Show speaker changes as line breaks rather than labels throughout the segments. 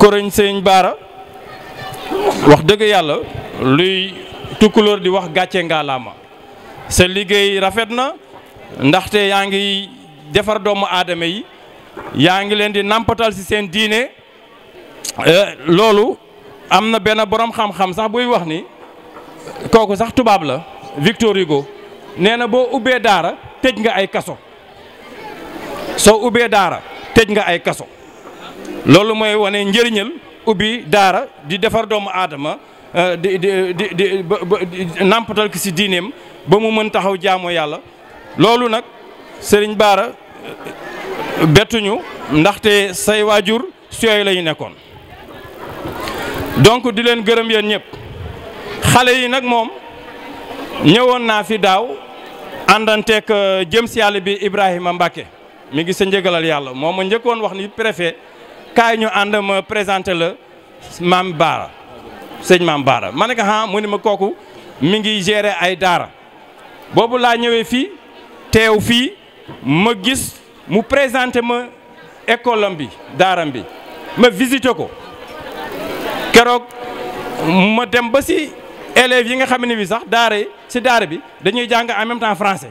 koreñ sëñ baara wax dëgg yàlla luy tukkulóor di wax gàcce ngaalaama sa liggéey rafet na ndaxte yaa ngi defar doomu aadama yi yaa ngi leen di nàmpatal si seen diine eh, loolu am na benn borom xam-xam sax buy wax ni kooku sax tubaab la Victor Hugo nee na boo ubbee daara tëj nga ay kaso soo ubbee daara tëj nga ay kaso loolu mooy wane njëriñal ubbi daara di defar doomu aadama euh, di di di di nàmpatal ki si diineem ba mu mën taxaw jaamoo yàlla loolu nag sëriñ Baara euh, bettuñu ndaxte say waajur si lañu nekkoon donc di leen gërëm yéen ñëpp xale yi nag moom ñëwoon naa fi daaw àndanteeg euh, jëm si yàlla bi Ibrahima Mbacke mi ngi sa njëgalal yàlla moom ma njëkkoon wax ni préfet. kaay ñu ànd ma présenté la maam Baara sëñ maam Baara ma ne ko ah mu ne ma kooku mu ngi gérer ay daara boobu laa ñëwee fii teew fii ma gis mu présenté ma école am bi daaram bi ma visité ko keroog ma dem ba si élèves yi nga xam ne bi sax daara yi si daara bi dañuy jàng en même temps français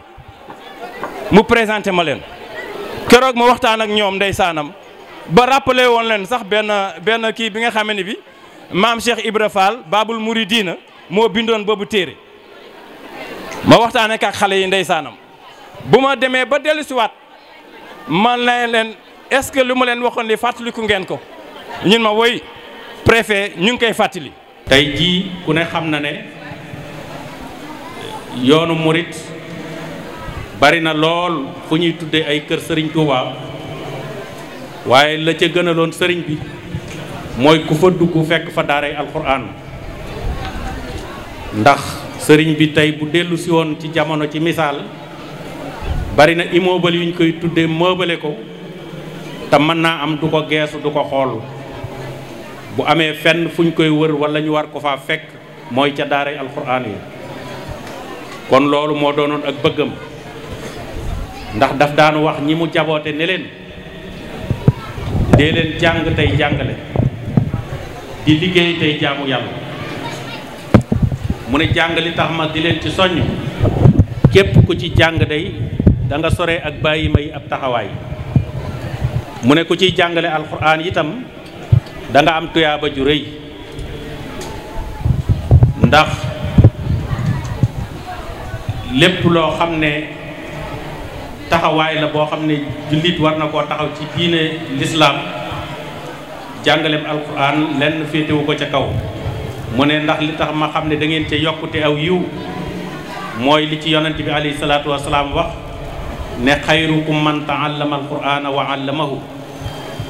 mu présenté ma leen keroog ma waxtaan ak ñoom ndeysaanam ba rappelé woon leen sax benn benn kii bi nga xam ne bi maam Cheikh Ibra Fall Babul Mouridina moo bindoon boobu téere ma waxtaanee ak xale yi ndeysaanam bu ma demee ba dellusiwaat man na leen est-ce que lu ma leen waxoon li fàttaliku ngeen ko ñun ma woy préfet ñu ngi koy fàttali. tey jii ku ne xam na ne
yoonu murit bari na lool fu ñuy tuddee ay kër Serigne Touba. waaye la ca gënaloon sëriñ bi mooy ku fa dugg fekk fa daaray alxuraan ndax sëriñ bi tey bu dellusi woon ci jamono ci misaal bari na immeuble yu ñu koy tuddee meublé ko te mën naa am du ko geesu du ko xool bu amee fenn fu ñu koy wër wala ñu war ko fa fekk mooy ca daaray alxuraan yi kon loolu moo doonoon ak bëggam ndax daf daanu wax ñi mu jaboote ne leen dee leen jàng tey jàngale di liggéey tey jaamu yàlla mu ne jàng li tax ma di leen ci soññ képp ku ci jàng day da sore ak bàyyi may ab taxawaay mu ne ku ciy jàngale alxuraan itam danga am tuyaaba ju rëy ndax lépp loo xam ne taxawaay la boo xam ne jullit war na koo taxaw ci diine lislaam jàngaleem alquran lenn féetewu ko ca kaw mu ne ndax li tax ma xam ne dangeen ngeen ca yokkute aw yiw mooy li ci yonent bi alayhi salaatu wasalaam wax ne xayrukum man taallama alqurana wa allamahu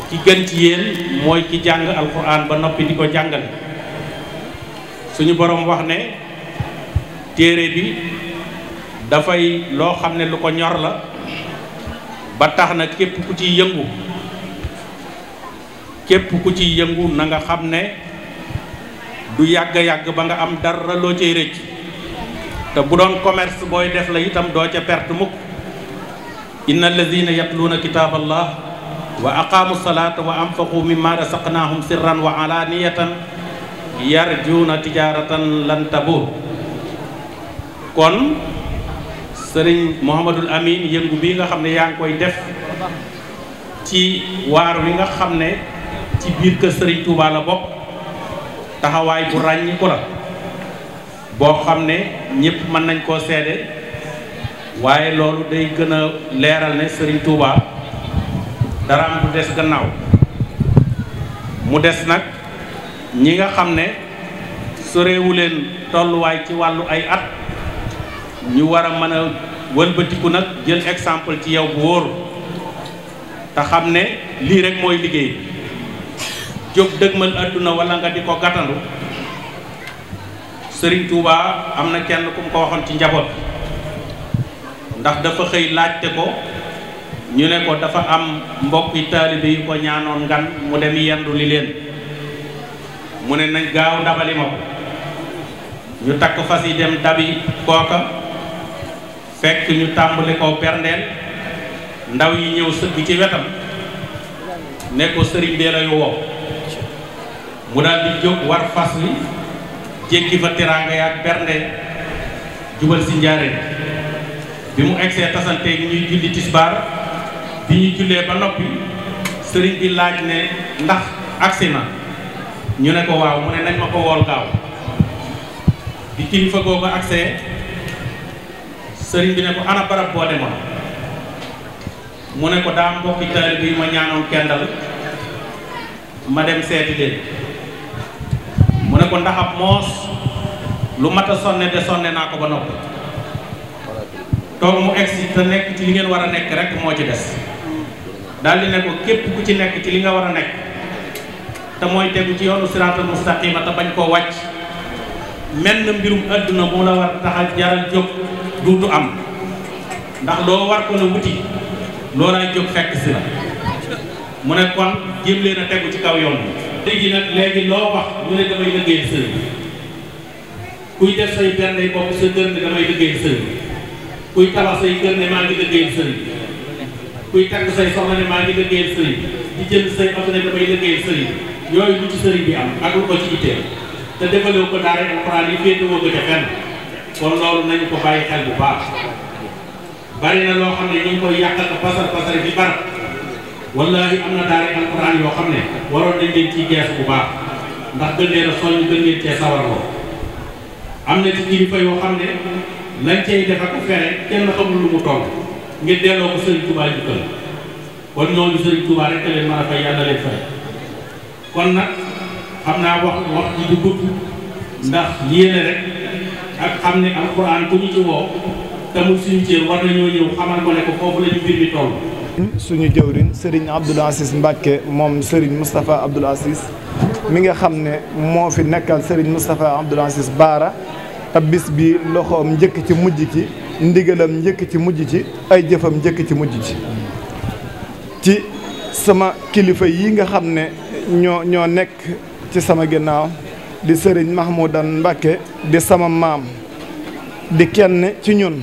ki gën ci yéen mooy ki jàng alquran ba noppi di ko jàngal suñu boroom wax ne téere bi dafay loo xam ne lu ko ñor la ba tax na képp ku ciy yëngu képp ku ci yëngu na nga xam ne du yàgg-yàgg ba nga am dara loo cay rëcc te bu doon commerce booy def la itam doo ca perte mukk inna alladina yatluuna kitaab allah wa aqaamu salaata wa anfaqu mimma rasaqnaahum sirran wa alaaniyatan yarjuuna tijaaratan lan tabur kon sëriñ Mouhamadul Amin yëngu bii nga xam ne yaa ngi koy def ci waar wi nga xam ne ci biir kër sëriñ Touba la bokk taxawaay bu ràññiku la boo xam ne ñépp mën nañ koo seede waaye loolu day gën a leeral ne sëriñ Touba daraam du des gannaaw mu des nag ñi nga xam ne soreewu leen tolluwaay ci wàllu ay at ñu war a mën a wëlbatiku nag jël exemple ci yow bu wóor te xam ne lii rek mooy liggéey jóg dëgmal àdduna wala nga di ko gàttandu Sëriñ Tuuba am na kenn ku mu ko waxoon ci njaboot ndax dafa xëy laajte ko ñu ne ko dafa am mbokki taalibe yu ko ñaanoon ngan mu dem yendu li leen mu ne nañ gaaw dabali ma ko ñu takk fas yi dem dabi kooka fekk ñu tàmbali ko berndeel ndaw yi ñëw sëgg ci wetam ne ko sëriñ bee lay woo mu daal di jóg war fas wi jéggi fa teraanga yaag bernde jubal si njaareen bi mu egsee tasante gi ñuy julli tisbaar bi ñu jullee ba noppi sëriñ bi laaj ne ndax agsi na ñu ne ko waaw mu ne nañ ma ko wool gaaw bi kilifa googu agsee sëriñ bi ne ko ana barab boo demoon mu ne ko daa mbokki taalibe yu ma ñaanoon kendal ma dem seeti leen mu ne ko ndax ab moos lu mat sonne de sonne naa ko ba noppi toog mu egsi te nekk ci li ngeen war a nekk rek moo ci des daal di ne ko képp ku ci nekk ci li nga war a nekk te mooy tegu ci yoonu siraatal mustaqima te bañ koo wàcc menn mbirum àdduna mu la war taxal jaral jóg duutu am ndax doo war ko na wuti loolaay jóg fekk si la mu ne kon jéem leen a tegu ci kaw yoon bi léegi nag léegi loo wax ñu ne damay liggéey sëriñ kuy def say bernde bopp sa kër ne damay liggéey sëriñ kuy tabax say kër ne maa ngi liggéey sëriñ kuy tàgg say soxna ne maa ngi liggéey sëriñ di jënd say oto ne damay liggéey sëriñ yooyu lu ci sëriñ bi am ak lu ko ci itteel te defaloo ko daara alxuraan yi féetewoo ko ca fenn kon loolu nañu ko bàyyi xel bu baax bari na loo xam ne ñu koy yàq ak pasar pasar bi bar wallaahi am na daara alquran yoo xam ne waroon nañ leen ciy gees bu baax ndax gën leen a soññ gën leen cee am na ci kilifa yoo xam ne lañ cay def ak fere kenn xamul lu mu toll ngir delloo ko Serigne Touba jukkal kon ñooñu Serigne Touba rek leen mën a fay yàlla leen fay kon nag xam naa wax wax ji du gudd ndax yéene rek. ak xam ne alquran ku ñu ci te mu suñu cër war nañoo ñëw xamal ko ne foofu la ñu mbir mi toll.
suñu jëwriñ Serigne Abdoul Aziz Mbacke moom Serigne Moustapha Abdoul Aziz mi nga xam ne moo fi nekkal sëriñ mustafa Abdoul Aziz Baara te bis bi loxoom njëkk ci mujj ci ndigalam njëkk ci mujj ci ay jëfam njëkk ci mujj ci ci sama kilifa yi nga xam ne ñoo ñoo nekk ci sama ginnaaw. di sëriñ Mahmoudan Mbacké di sama maam di kenn ci ñun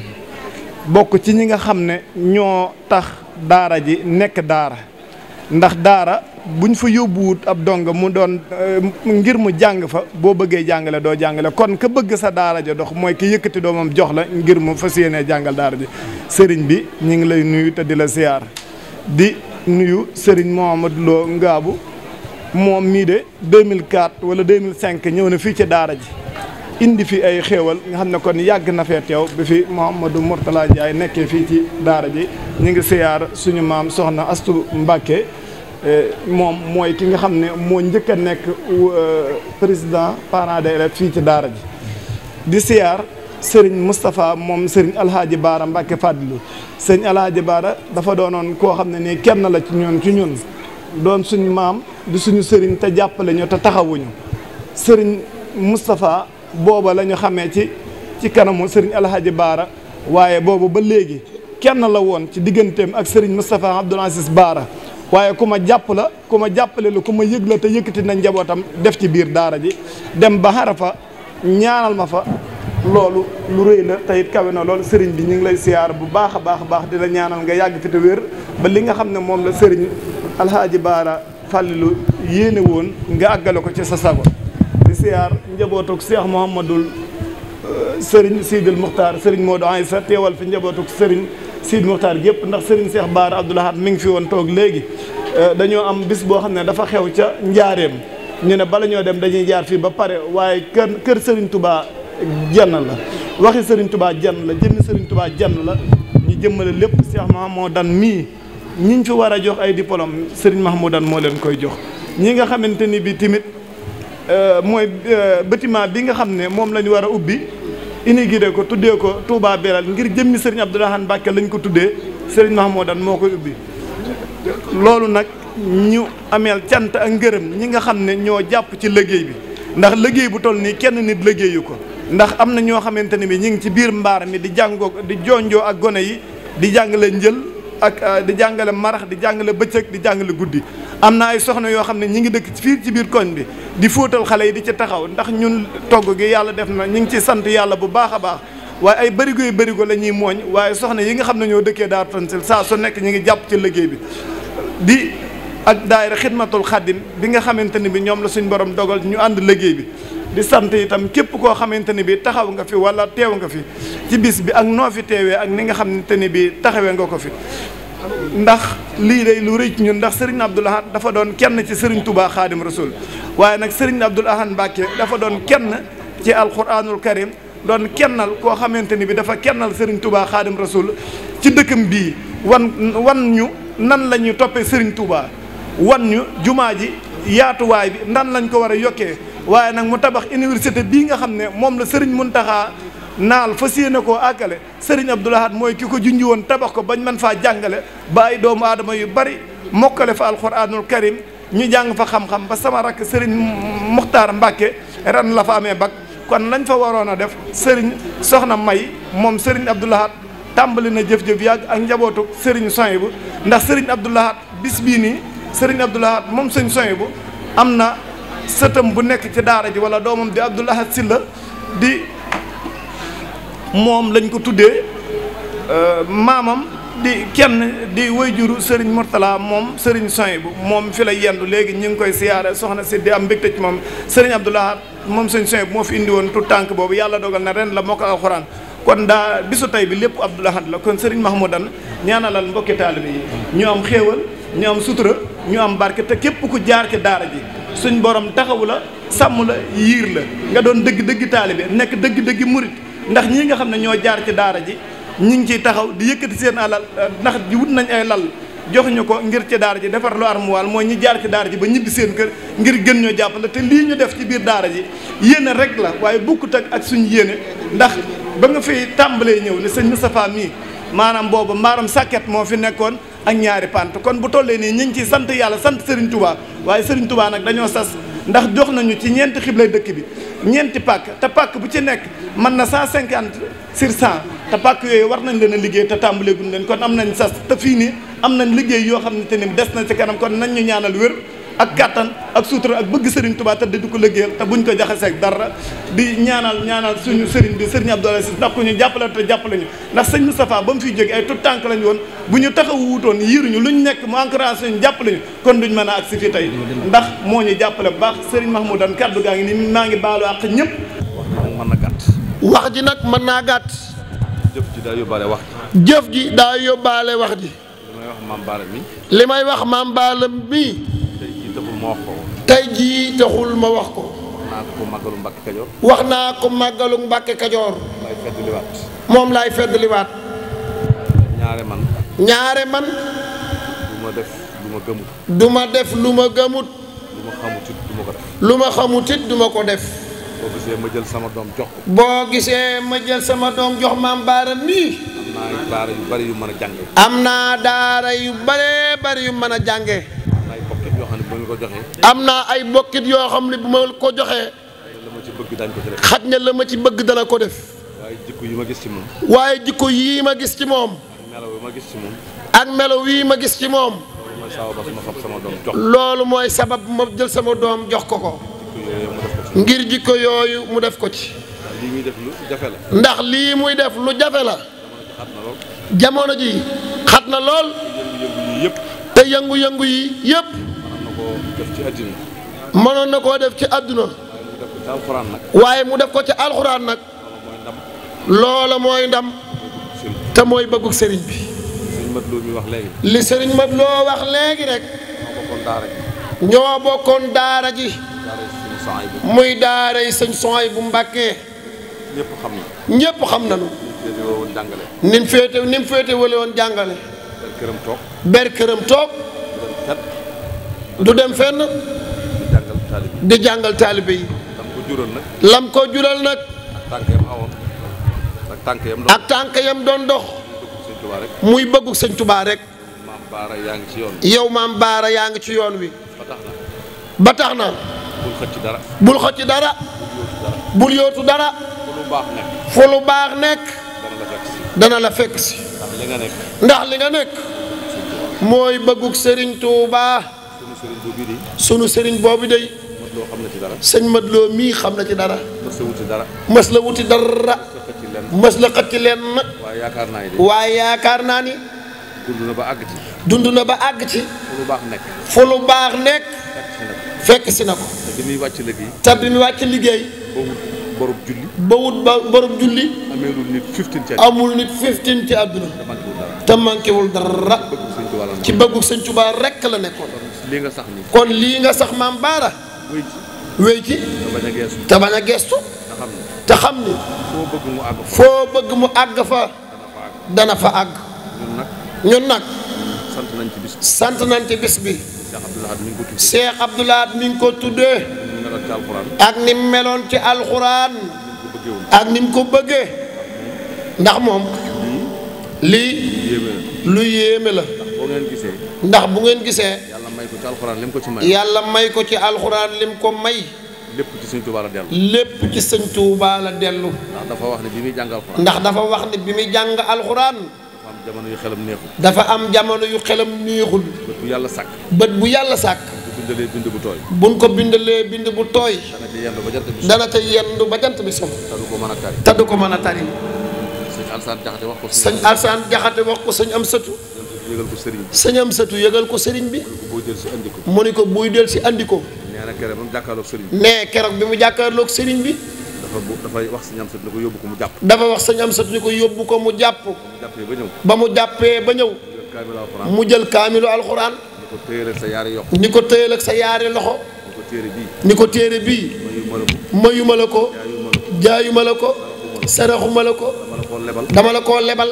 bokk ci ñi nga xam ne ñoo tax daara ji nekk daara ndax daara buñ fa yóbbuwut ab dong mu doon eh, ngir mu jàng fa boo bëggee jàngale doo jàngale kon ka bëgg sa daara ja dox mooy ki yëkkati doomam jox la ngir mu fas yéenee jàngal daara ji sëriñ bi ñu ngi lay nuyu te di la siyaar di nuyu sëriñ Mohamed Lo Ngaabu moom mii de 2004 wala 2005 ñëw na fii ci daara ji indi fi ay xéewal nga xam ne kon yàgg na fee teew bi fi Mouhamadou Mourtala Ndiaye nekkee fii ci daara ji ñu ngi siyaar suñu maam soxna Astu Mbàkke eh, moom mooy ki nga xam ne moo njëkk a nekk euh, président parent d'élève fii ci daara ji di siyaar Serigne Moustapha moom Serigne Alhaaji Baara Mbàkke Fàddilu Serigne Alhaaji Baara dafa doonoon koo xam ne nii kenn la ci ñun ci ñun doon suñu maam di suñu sëriñ te jàppale ñu te taxawuñu sëriñ Moustapha booba lañu ñu xamee ci ci kanamu sëriñ Alhaji Baara waaye boobu ba léegi kenn la woon ci digganteem ak sëriñ Moustapha Abdoul Baara waaye ku ma jàpp la ku jàppale la ku ma yëg la te yëkkati na njabootam def ci biir daara ji dem ba xarafa ñaanal ma fa loolu lu rëy la te it kawe na loolu sëriñ bi ñu ngi lay siyaar bu baax a baax a baax di la ñaanal nga yàgg fi te wér ba li nga xam ne moom la sëriñ alxaaji baara fàllilu yéene woon nga àggale ko ca sa sago di siyaar njabootug seex muhammadul euh, sëriñ siidul muxtaar sëriñ moodu aysa teewal fi njabootug sëriñ siid muxtaar gépp ndax sëriñ seex baara abdoulahat mi ngi fi woon toog léegi euh, dañoo am bis boo xam ne dafa xew ca njaareem ñu ne bala ñoo dem dañuy jaar fii ba pare waaye kër kër sëriñ tubaa jenn la waxi sëriñ tubaa jan la jëmmi sëriñ tubaa jenn la ñu jëmmale lépp seex muhammadan mii ñi ñu fi war a jox ay diplôme Serigne Mahmoudane moo leen koy jox ñi nga xamante ni bi tamit euh, mooy euh, bâtiment bi nga xam ne moom la ñu war a ubbi inaugurer ko tuddee ko Touba Belal ngir jëmmi Serigne Abdourahmane Mbacké lañ ko tuddee Serigne Mahmoudane moo koy ubbi loolu nag ñu ameel cant ak ngërëm ñi nga xam ne ñoo jàpp ci liggéey bi ndax liggéey bu toll nii kenn nit liggéeyu ko ndax am na ñoo xamante ne bi ñu ngi ci biir mbaar mi di jàngoo di jonjoo ak gone yi di jàngale njël ak euh, di jàngale marax di jàngale bëccëg di jàngale guddi am na ay soxna yoo xam ne ñi ngi dëkk fii ci biir koñ bi di fóotal xale yi di ci taxaw ndax ñun togg gi yàlla def na ñu ngi ci sant yàlla bu baax a baax waaye ay bërigo yu bërigo la ñuy mooñ waaye soxna yi nga xam ne ñoo dëkkee Daaru Tanzil saa su nekk ñi ngi jàpp ci liggéey bi ak daayira xidmatul xàddin bi nga xamante ne bi ñoom la suñ borom dogal ñu ànd liggéey bi di sant itam képp koo xamante ne bi taxaw nga fi wala teew nga fi ci bis bi ak noo fi teewee ak ni nga xamante ne bi taxawee nga ko fi ndax lii de lu rëcc ñun ndax Serigne Abdoul Ahad dafa doon kenn ci Serigne Touba Khadim Rasoul waaye nag Serigne Abdoul Ahad Mbacké dafa doon kenn ci alquranul karim doon kennal koo xamante ni bi dafa kennal Serigne tubaa Khadim Rasoul ci dëkkam bii wan wan ñu nan la ñuy toppee Serigne Touba. wan ñu jumaa ji yaatuwaay bi ndan lañ ko war a yokkee waaye nag mu tabax université bii nga xam ne moom la sëriñ Muntaxa naal fas yéene koo àggale sëriñ Abdoul mooy ki ko junj woon tabax ko bañ mën faa jàngale bàyyi doomu aadama yu bari mokkale fa alxuraanul karim ñu jàng fa xam-xam ba sama rakk sëriñ Muxtaar Mbàkke ren la fa amee bac kon lañ fa waroon a def sëriñ soxna May moom sëriñ Abdoul Ahad tàmbali na jëf-jëf yàgg ak njabootu sëriñ Soyibu ndax sëriñ Abdoul Ahad bis nii sëriñ Abdoul moom sëñ Sohibou am na sëtam bu nekk ci daara ji wala doomam di Abdoul Ahad Sylla di moom lañ ko tuddee euh, maamam di kenn di wayjuru sëriñ Mourtala moom sëriñ Sohibou moom fi la yendu léegi ñu ngi koy siyaare soxna si di am mbégte ci moom sëriñ Abdoul Ahad moom sëñ Sohibou moo fi indi woon tout tànk boobu yàlla dogal na ren la moo ko alxuraan kon daa bisu tey bi lépp Abdoul Ahad la kon sëriñ Mahmoudan ñaanalal mbokki taalibe yi ñu am xéewal ñu am sutura ñu am barke te képp ku jaar ci daara ji suñ borom taxawu la sàmm la yiir la nga doon dëgg-dëgg taalibe nekk dëgg-dëgg murit ndax ñii nga xam ne ñoo jaar ci daara ji ñi ngi ciy taxaw di yëkkati seen alal eh, ndax di wut nañ ay lal jox ñu ko ngir ci daara ji defar lu armuwaal mooy ñi jaar ci daara ji ba ñibbi seen kër ngir gën ñoo jàppale te lii ñu def ci biir daara ji yéene rek la waaye bukkut ak ak suñ yéene ndax ba nga fiy tàmbalee ñëw ne sëñ Moustapha mii maanaam boobu maaram sàkket moo fi nekkoon ak ñaari pant kon bu tollee nii ñu ngi ciy sant yàlla sant Serigne Touba waaye Serigne Touba nag dañoo sas ndax jox nañu ci ñeenti xiblay dëkk bi ñeenti pàkk te pàkk bu ci nekk mën na cent cinquante sur cent te pàkk yooyu war nañ leen a liggéey te tàmbaleeguñ leen kon am nañ sas te fii nii am nañ liggéey yoo xam ne te ni des na ci kanam kon nañ ñu ñaanal wér ak kàttan ak sutura ak bëgg Serigne Touba te di ko liggéeyal te buñ ko jaxaseeg dara di ñaanal ñaanal suñu Serigne bi Serigne Abdoulaye Ciss ndax ku ñu jàppale te jàppale ñu ndax sëñ Moustapha ba mu fiy jóge ay tout tànk lañ woon bu ñu taxaw wuutoon yiiruñu luñ nekk mu encouragé ñu jàppale ñu kon duñ mën a ak si fi tey ndax moo ñu jàppale bu baax Serigne Mahmoudane
kaddu gaa ngi ni maa ngi baalu àq ñëpp wax ji nag mën naa gàtt jëf ji daa yóbbaale wax
ji jëf daa
yóbbaale wax ji li may
moo
jii taxul ma wax ko.
wax naa ko màggalu Mbàkke Kajoor. wax
naa ko màggalu Mbàkke Kajoor.
laay feddliwaat.
moom laay feddliwaat. ñaare man. ñaare man. du ma def lu ma gëmut. du ma def lu ma gëmut. lu xamut it du ko def. lu ma xamut it du ko def.
boo gisee ma jël sama doom jox ko.
boo gisee ma jël sama doom jox maam Baara nii.
am naa daara yu bari yu mën a jànge.
am naa daara yu bëree bari yu mën a jànge. am naa ay bokkit yoo xam ne bu ma ko joxee. xaj na la ma ci bëgg dana ko def. waaye jikko yi ma gis ci moom. waaye jikko yii ma gis ci moom. ak melo yi ma gis ci moom. ak melo yii ma gis ci moom. loolu mooy sabab ma jël sama doom jox ko ko. ngir jikko yooyu mu def ko ci. ndax lii muy def lu jafe la. jamono ji xat na lool. te yëngu-yëngu yi yëpp. def ci àddina. mënoon na koo def ci àdduna. waaye mu def ko ci alxuraan nag. loola mooy ndam. te mooy bëggug sëriñ bi. li sëriñ mat loo wax léegi rek. ñoo bokkoon daara ji. muy daaray sëñ sooy bu mbàkkee. ñépp xam na ñëpp xam nañu. ni mu féete ni mu féete jàngale. ber këram toog. ber këram toog. du dem fenn. di jàngal taalibe yi. lam ko jural nag. lam ko ak tànk yam doon dox. muy bëggu sëñ Tubaa rek. yaa ngi ci yoon yow maam Baara yaa ngi ci yoon wi. ba tax na. bul xëcc dara. bul yootu dara. fu lu baax nekk. fu dana la fekk si.
dana la fekk
si. ndax li nga nekk. mooy bëggug sëriñ Tuubaa. sunu sëriñ boobu day sëñ mat loo mii xam na ci dara mas la wuti dara mas la xëcc leen nag waaye yaakaar naa ni dund na ba àgg ci dund na ba àgg ci fu lu baax nekk fu lu baax nekk fekk si na ko te bi muy wàcc liggéey te bi muy wàcc liggéey ba wut borub julli ba wut borub julli amul nit fifteen ci amul nit fifteen ci àdduna te manqué wul dara ci bëggu sëñ Tuubaa rekk la nekkoon lii nga sax nii. kon lii nga sax maam baara. wéy ci te bañ a geestu te xam ni. foo bëgg mu àgg fa dana fa àgg. ñun nag ñun sant nañ ci bis bi sant nañ ci bis bi. Cheikh Abdoul Ahad mi ko tuddee. ak ni meloon ci alxuraan. ak ni mu ko bëggee. ndax moom. lii lu yéeme la. ndax bu ngeen gisee. may ko ci ko ci may. yàlla may ko ci alxuraan lim ko may. lépp ci sëñ Tuubaa la dellu. lépp ci sëñ Tuubaa la dellu. ndax dafa wax ne bi muy jàng alxuraan. ndax dafa wax ne bi muy jàng alxuraan. dafa am jamono yu xelam neexul. dafa am jamono yu xelam neexul. bët bu yàlla sàkk. bët bu yàlla sàkk. bind bu tooy. buñ ko bindalee bind bu tooy. dana ca yendu ba jant bi. dana ca ba jant bi so. ko mën a tari. te ko mën a tari. sëñ Alsaan Jaxate wax ko. sëñ Alsaan Jaxate wax ko sëñ am sëtu yëgal ko sëriñ bi sëñ Amsatu yëgal ko sëriñ bi. mu ni ko buy del si andi ko. mu ni si andi ko. nee na keroog bi mu jàkkaarloog sëriñ bi. nee keroog bi bi.
dafa bu wax sëñ Amsatu ni ko yóbbu ko mu jàpp.
dafa wax sëñ Amsatu ni ko yóbbu ko mu jàpp. ba mu jàppee ba ñëw. mu jël kaamilu alxuraan. ni ko téyeel ak sa yaari yox. ni ko téyeel ak sa yaari loxo. ni ko téere bii. mayuma la ko. jaayuma la ko. saraxuma la ko. dama la koo lebal.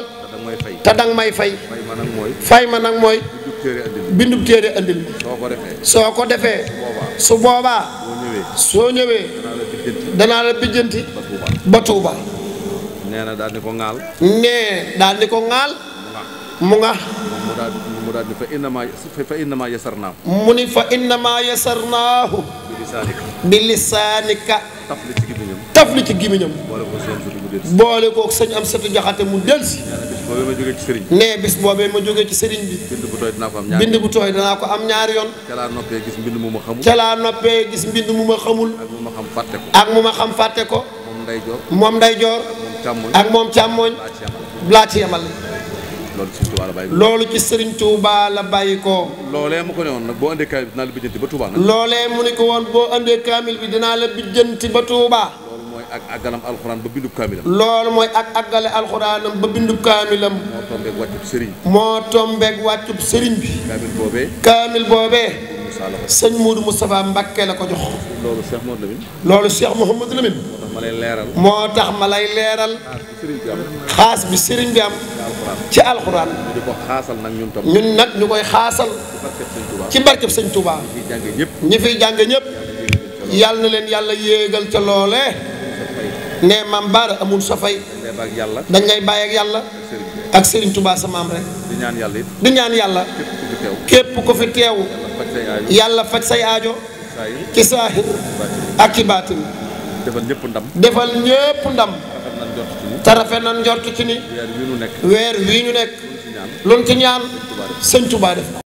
te danga may fay. ma mooy. fay ma nag mooy. bindu téere andil soo ko defee. soo ko defee. su boobaa. soo ñëwee. danaa la bijjanti. ba Tuuba. nee na daal di ko ŋaal. nee daal di ko ŋaal. mu nga. mu daal di fa innamaa fa innamaa yasarnaahu. mu lisaanika. taf li ci gimiñam. taf li ci gimiñam. boole koog sëñ am sëtu jaxate mu delsi boobee ma jógee ci sëriñ bi. nee bis boobee ma jógee ci sëriñ bi. bind bu tooy dinaa ko am ñaari bind tooy dinaa ko am ñaari yoon. ca laa noppee gis mbind mu ma xamul. ca noppee gis mbind mu ma xamul. ak mu ma xam fàtte ko. ak ma xam fàtte ko. moom nday joor moom nday joor. ak moom càmmoñ laa ci yamal loolu ci sëriñ Touba la bàyyi ko. loolu ci sëriñ Touba la bàyyi ko. loolee mu ko ne woon nag boo andee kaamil bi dinaa la bijjanti ba Touba mu ne ko woon boo andee kaamil bi dinaa la bijjanti ba Touba. ak àggalam alxuraan ba bindub kaamilam. loolu mooy ak àggale alxuraanam ba moo tombeeg wàccub sëriñ. moo tombeeg wàccub sëriñ bi. kaamil boobee. kaamil boobee. ko jox. loolu Cheikh Mouhamadou Lamine. loolu moo tax ma lay leeral. moo tax ma lay leeral. xaas bi sëriñ bi am. ci alxuraan. ko xaasal nag ñun tam. ñun nag ñu koy xaasal. ci barkeb sëñ Touba. ñi fiy jànge ñëpp. yàlla na leen yàlla yéegal ca loolee ne maam baara amul sa fay dañ lay bàyyi ak yàlla ak Serigne Touba sa maam rek di ñaan yàlla képp ko fi teew yàlla faj say aajo ci saahir ak ci baatin defal ñëpp ndam defal ñëpp ndam te rafet nan njort ci ni weer wii ñu nekk luñ ci ñaan sëñ Touba def